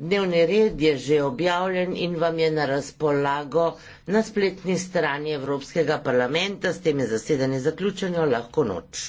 Dnevni red je že objavljen in vam je na razpolago na spletni strani Evropskega parlamenta. S tem je zasedanje zaključeno. Lahko noč.